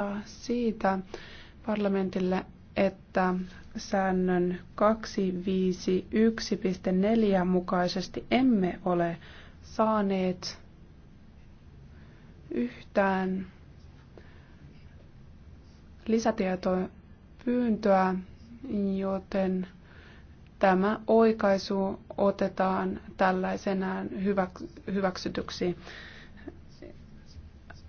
Äh, siitä parlamentille, että säännön 251.4 mukaisesti emme ole saaneet yhtään lisätietopyyntöä, joten tämä oikaisu otetaan tällaisenaan hyväksytyksi.